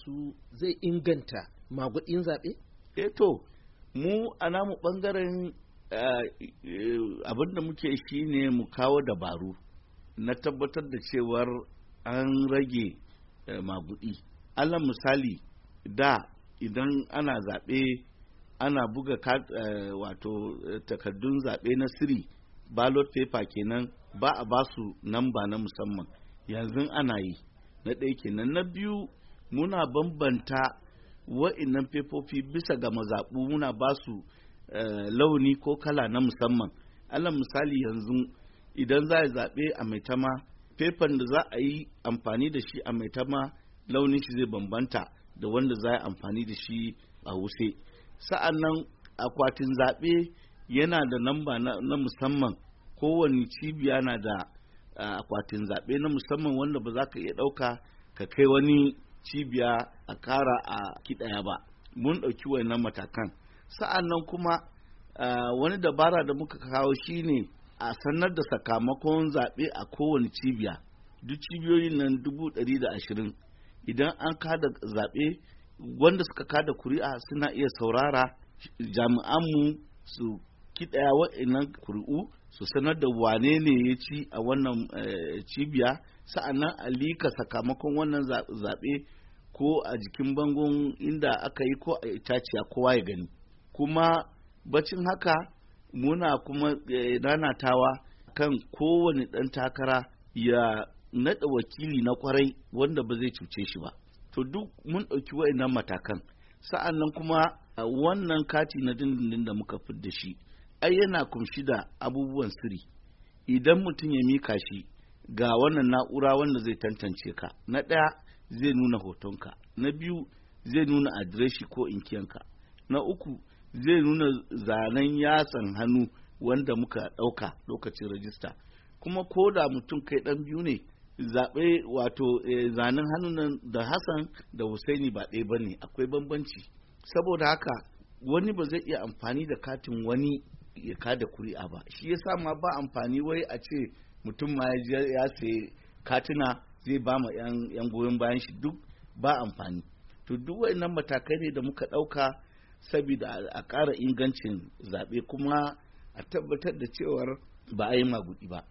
su zai inganta magudin zaɓe? eto eh mu a namu ɓangaren eh, abin da muke shi ne mu kawo dabaru na tabbatar da cewar an rage eh, magudi allah misali da idan ana zaɓe ana buga wato takardun zaɓe na siri ballot paper kenan ba a basu namba na musamman yanzu ana yi na ɗaya kenan na biyu muna bambanta wa'innan fefofi bisa ga mazaɓu muna ba su eh, launi ko kala na musamman alal misali yanzu idan za a zaɓe a maitama fefan da za a yi amfani da shi a maitama launin shi zai bambanta da wanda za a yi amfani da shi a wuse sa'annan akwatin zaɓe yana da namba na musamman kowane cibiya na da eh, akwatin zaɓe na musamman wanda ba za ka iya ɗauka ka kai wani cibiya a kara a kidaya ba mun ɗauki wannan matakan sa'an nan kuma wani dabara da muka kawo shine a sanar da sakamakon zaɓe a kowane cibiya duk cibiyoyin nan dubu ɗari da ashirin idan an kada zaɓe wanda suka kada kuri'a suna iya saurara jami'anmu su kiɗaya wainnan kuri'u su sanar da wane ne ya ci a wannan eh, cibiya sa'annan a lika sakamakon wannan zaɓe ko a jikin bangon inda aka yi ko a itaciya kowa ya gani kuma bacin haka muna kuma eh, nanatawa kan kowane ɗan takara ya naɗa wakili na kwarai wanda ba zai cuce shi ba to duk mun ɗauki wa'annan matakan sa'an nan kuma wannan kati na dindindin da muka fi da shi ai yana kumshi da abubuwan sirri idan mutum ya mika shi ga wannan na'ura wanda zai tantance ka na ɗaya zai nuna hotonka na biyu zai nuna adireshi ko inkiyanka na uku zai nuna zanen yatsan hannu wanda muka ɗauka lokacin rajista kuma ko da mutum kai ɗan biyu ne zaɓe wato eh, zanen hannun nan da hassan da husaini ba ɗaya ba ne akwai bambanci saboda haka wani ba zai iya amfani da katin wani ya kada kuri'a ba shi ya sa ma ba amfani wai a ce mutum ma ya sayi katina zai ba ma 'yan goyon bayan shi duk ba amfani to duk nan matakai ne da muka ɗauka saboda a ƙara ingancin zaɓe kuma a tabbatar da cewar ba a yi maguɗi ba